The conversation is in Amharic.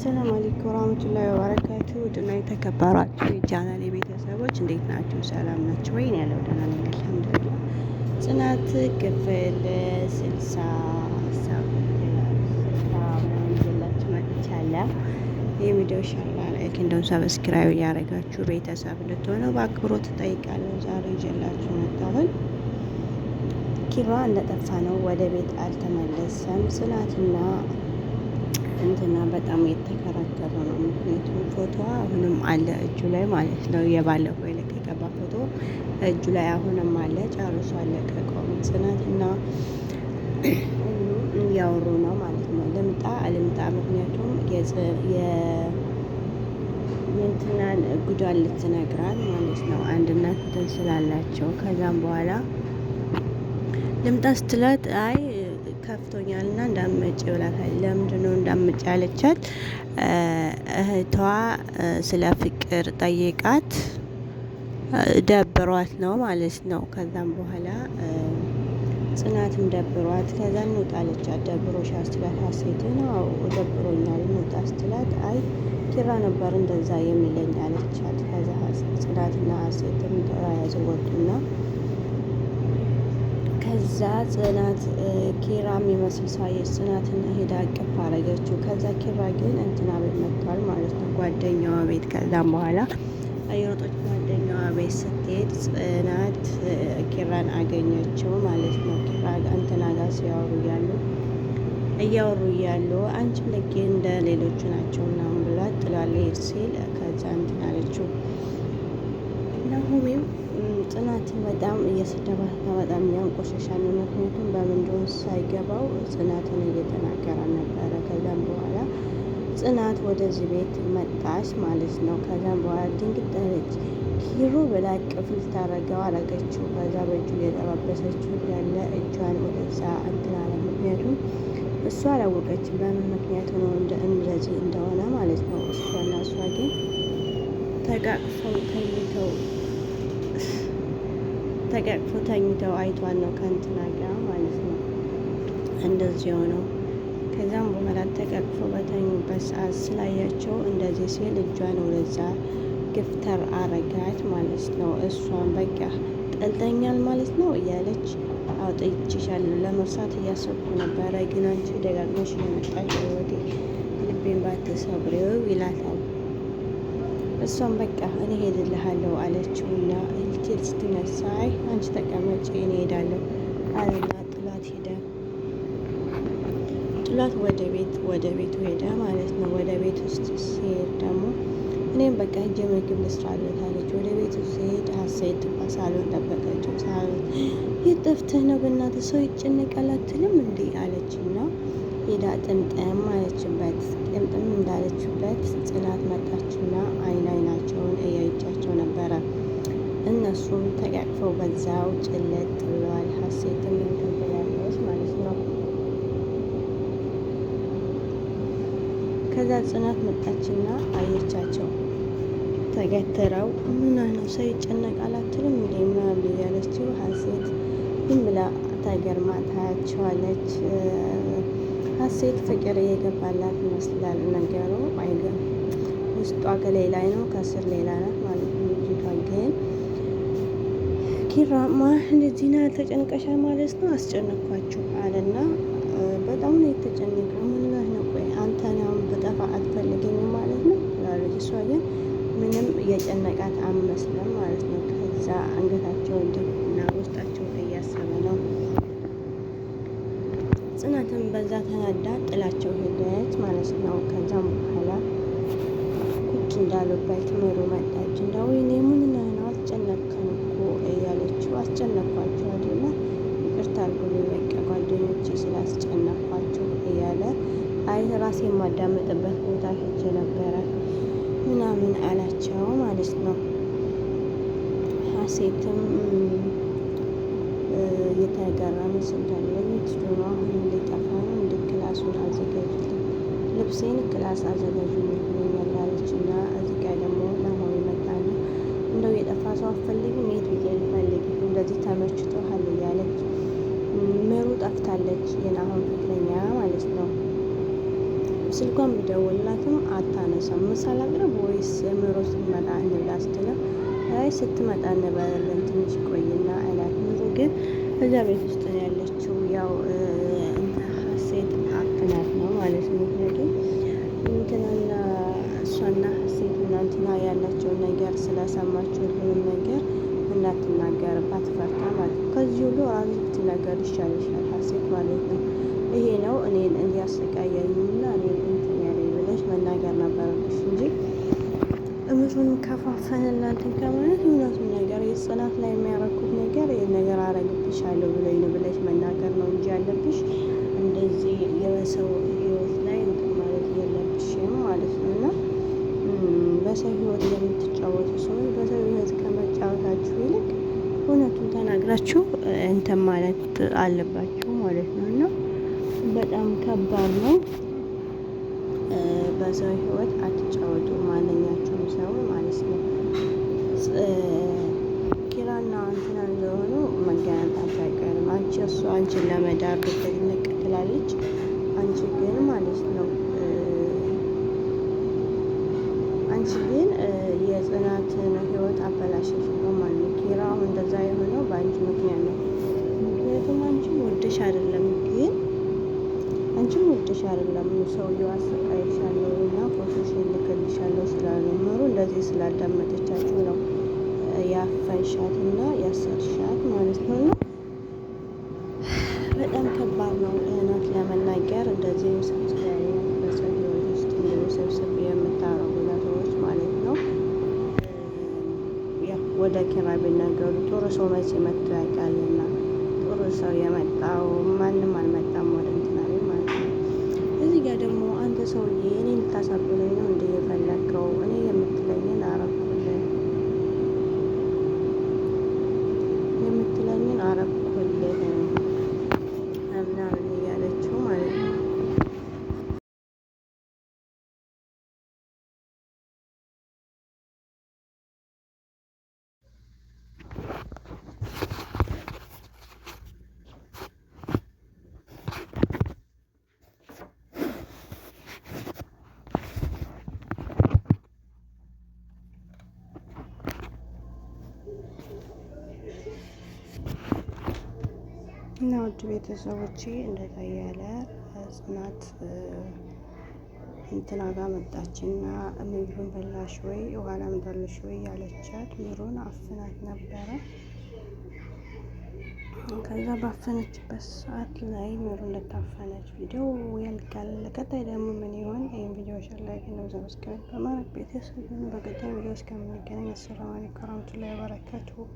አሰላም አለይኩም ወራህመቱላሂ ወበረካቱ። ውድና የተከበራችሁ የቻናል የቤተሰቦች እንዴት ናችሁ? ሰላም ናችሁ ወይ? እኔ ያለው ደህና ነኝ አልሐምዱሊላህ። ጽናት ክፍል ስልሳ ሰባት መጥቻለሁ። ይህ ቪዲዮ ሻላ ላይክ እንደውም ሰብስክራይብ እያደረጋችሁ ቤተሰብ ልትሆኑ በአክብሮት እጠይቃለሁ። ዛሬ ይዤላችሁ መጣሁኝ። ኪራ እንደጠፋ ነው፣ ወደ ቤት አልተመለሰም። ጽናትና እንትና በጣም የተከራከረ ነው። ምክንያቱም ፎቶዋ አሁንም አለ እጁ ላይ ማለት ነው። የባለፈው የለቀቀባ ፎቶ እጁ ላይ አሁንም አለ። ጨርሶ አለቀቀውም። እና እያወሩ ነው ማለት ነው። ልምጣ አልምጣ ምክንያቱም የእንትናን ጉዳን ልትነግራል ማለት ነው። አንድነት ስላላቸው ከዛም በኋላ ልምጣ ስትላት አይ ከፍቶኛል ና እንዳመጭ ብላታል። ለምንድን ነው እንዳመጭ ያለቻት? እህቷ ስለ ፍቅር ጠይቃት ደብሯት ነው ማለት ነው። ከዛም በኋላ ጽናትም ደብሯት ከዛ እንውጣ አለቻት። ደብሮሽ ስትላት ሀሴት አዎ ደብሮኛል እንውጣ ስትላት አይ ኪራ ነበር እንደዛ የሚለኝ አለቻት። ከዛ ጽናትና ሀሴትም ተያያዘ ወጡና ከዛ ጽናት ኪራም የሚመስል ሳየ ጽናትን ሄዳ አቅፍ አረገችው። ከዛ ኪራ ግን እንትና ቤት መጥቷል ማለት ነው፣ ጓደኛዋ ቤት። ከዛም በኋላ አየሮጦች ጓደኛዋ ቤት ስትሄድ ጽናት ኪራን አገኘችው ማለት ነው። ኪራ እንትና ጋር ሲያወሩ እያሉ እያወሩ እያሉ አንቺም ልክ እንደ ሌሎቹ ናቸው ምናምን ብሏት ጥሏል ሄድ ሲል ከዛ እንትን አለችው ጽናትን በጣም እየሰደባት በጣም እያንቆሸሻ ነው። ምክንያቱም በምን እንደሆነ ሳይገባው ጽናትን እየተናገረ ነበረ። ከዛም በኋላ ጽናት ወደዚህ ቤት መጣች ማለት ነው። ከዛም በኋላ ድንግጠለች ኪሩ ብላ ቅፍል ታረገው አረገችው። ከዛ በእጁ እየጠባበሰችው ያለ እጇን ወደዛ እንትናለ። ምክንያቱም እሱ አላወቀችም በምን ምክንያት ነው እንደዚህ እንደሆነ ማለት ነው። እሷና እሷ ግን ተቃቅፈው ተኝተው ተቀቅፎ ተኝተው አይቷን ነው ከእንትና ጋር ማለት ነው እንደዚህ የሆነው። ከዚያም በኋላ ተቀቅፎ በተኙበት ሰዓት ስላያቸው እንደዚህ ሲል እጇን ወደዛ ግፍተር አረጋት ማለት ነው። እሷን በቃ ጠልጠኛል ማለት ነው እያለች አውጥቼሻለሁ ለመርሳት እያሰብኩ ነበረ፣ ግን አንቺ ደጋግመሽ እየመጣሽ ወዴ ልቤን ባትሰብሬው ይላታል። እሷም በቃ እኔ ሄድልሃለሁ አለችው እና ልትሄድ ስትነሳ አይ አንቺ ተቀመጭ እኔ ሄዳለሁ አለና ጥሏት ሄደ። ጥሏት ወደ ቤት ወደ ቤቱ ሄደ ማለት ነው። ወደ ቤት ውስጥ ሲሄድ ደግሞ እኔም በቃ እጀ ምግብ ልስራለት አለች። ወደ ቤቱ ሲሄድ ሀሴት ሳሎን ጠበቀችው። ሳሎን የት ጠፍተህ ነው? በእናትህ ሰው ይጨነቃል አትልም እንዴ አለች እና ሄዳ ጥምጥም አለችበት። ጥምጥም እንዳለችበት ጽናት መጣችና አይን አይናቸውን እያየቻቸው ነበረ። እነሱም ተቃቅፈው በዛው ጭለጥ ብለዋል። ሀሴትም ያለች ማለት ነው። ከዛ ጽናት መጣችና አየቻቸው። ተገትረው ምና ነው ሰው ይጨነቃል አትልም እንዴ ምናምን እያለችው ሀሴት ዝም ብላ ተገርማ ታያቸዋለች። ሀሴት ፍቅር የገባላት ይመስላል ነገሩ። አይገርም ውስጧ ከሌላ ነው፣ ከስር ሌላ ናት ማለት ነው። ልጅቷ ግን ኪራማ እንደዚህ ና ተጨንቀሻ ማለት ነው አስጨነኳችሁ አለና በጣም ነው የተጨነቀው። ምንናት ነው ቆይ አንተ አሁን በጠፋ አትፈልገኝ ማለት ነው ላለች። እሷ ግን ምንም የጨነቃት አመስለም ማለት ነው። ከዛ አንገታቸው አንገታቸውን ጽናትን በዛ ተናዳ ጥላቸው ሄደች ማለት ነው። ከዛም በኋላ ቁጭ እንዳሉበት ምሩ መጣች። እንዳው እኔ ምንና ነህና አስጨነቅከን እኮ እያለችው አስጨነቅኳቸው አይደለ ይቅርታ አድርጉልኝ፣ በቃ ጓደኞቼ ስላስጨነቅኳቸው እያለ አይ ራሴ የማዳመጥበት ቦታ ሄጄ ነበረ ምናምን አላቸው ማለት ነው ሀሴትም እየተገረመ ስንጀምር ስዶማ አሁን እንደጠፋ ነው እንደ ክላሱን አዘጋጅልኝ ልብሴን ክላስ አዘጋጁ ይሉኛል አለች እና እዚህ ጋ ደግሞ ለአሁኑ ነው እንደው የጠፋ ሰው አፈልግ ሜት ብዬ ልፈልግ እንደዚህ ተመችቶሃል እያለች ምሩ ጠፍታለች። የናሆን ፍቅረኛ ማለት ነው። ስልኳን ብደውልላትም አታነሳም። ምሳሌ ላቅርብ ወይስ ምሮ ስትመጣ እንብላ ስትለው ስትመጣ እንበላለን ትንሽ ቆይና አይላት ምሩ ግን እዛ ቤት ውስጥ ነው ያለችው። ያው ሀሴት አፍናት ነው ማለት ነው። ምክንያቱም እንትናና እሷና ሀሴት እናንትና ያላቸውን ነገር ስለሰማችሁ ሁሉም ነገር እንዳትናገርባት ባትፈርታ ማለት ነው። ከዚህ ሁሉ ራሱ ብትናገር ይሻል ሀሴት ማለት ነው። ይሄ ነው እኔን እንዲያሰቃያኝና እኔ እውነቱን ከፋፈንላትን ከማለት እውነቱን ነገር የጽናት ላይ የሚያረኩት ነገር ነገር አረግብሻለሁ ብሎኝ ብለሽ መናገር ነው እንጂ ያለብሽ እንደዚህ የሰው ህይወት ላይ እንትን ማለት የለብሽም ማለት ነው። እና በሰው ህይወት የምትጫወቱ ሰዎች በሰው ህይወት ከመጫወታችሁ ይልቅ እውነቱን ተናግራችሁ እንትን ማለት አለባችሁ ማለት ነው። እና በጣም ከባድ ነው። በሰው ህይወት አትጫወቱ፣ ማንኛቸውም ሰው ማለት ነው። ኪራና እንትና እንደሆኑ መገናኘታቸው አይቀርም። አንቺ እሱ አንቺን ለመዳር ብትልቅ ትላለች፣ አንቺ ግን ማለት ነው አንቺ ግን የጽናትን ህይወት አበላሸች ነው ማለት ነው። ኪራው እንደዛ የሆነው በአንቺ ምክንያት ነው። ምክንያቱም አንቺ ወደሽ አይደለም ግን አንቺም ወድሽ አይደለም ሰውየው አሰቃይሻለሁ እና ፎቶሽ ልክልሻለሁ ስላልመሩ እንደዚህ ስላልዳመጠቻችሁ ነው ያፈንሻት እና ያሰርሻት ማለት ነው። እና በጣም ከባድ ነው እውነት ለመናገር እንደዚህ ሰብስበ በሰው ህይወት ውስጥ ሰብስብ የምታረጉ ነገሮች ማለት ነው። ወደ ኪራይ ቢናገሩ ጥሩ ሰው መቼ መጥቶ ያውቃልና ጥሩ ሰው የመጣው ማንም አልመጣ ደግሞ አንተ ሰውዬ እኔ ልታሳብለኝ ነው እንደ የፈለግከው እኔ የምትለኝን አረብ እና ውድ ቤተሰቦቼ እንደዛ እያለ ጽናት እንትና ጋር እና ምግብን በላሽ ወይ ውሃላ በልሽ ወይ ያለቻት ምሩን አፍናት ነበረ። ከዛ ባፈነችበት ሰዓት ላይ ምሩ እንደታፈነች ቪዲዮ ያልጋለቀጣ ደግሞ ምን ይሆን? ይህም ቪዲዮ ሸር ላይ ነው ሰብስክራይብ በማድረግ ቤተሰብን በቀጣይ ቪዲዮ እስከምንገናኝ አሰላሙ አለይኩም ወራህመቱላሂ ወበረካቱሁ።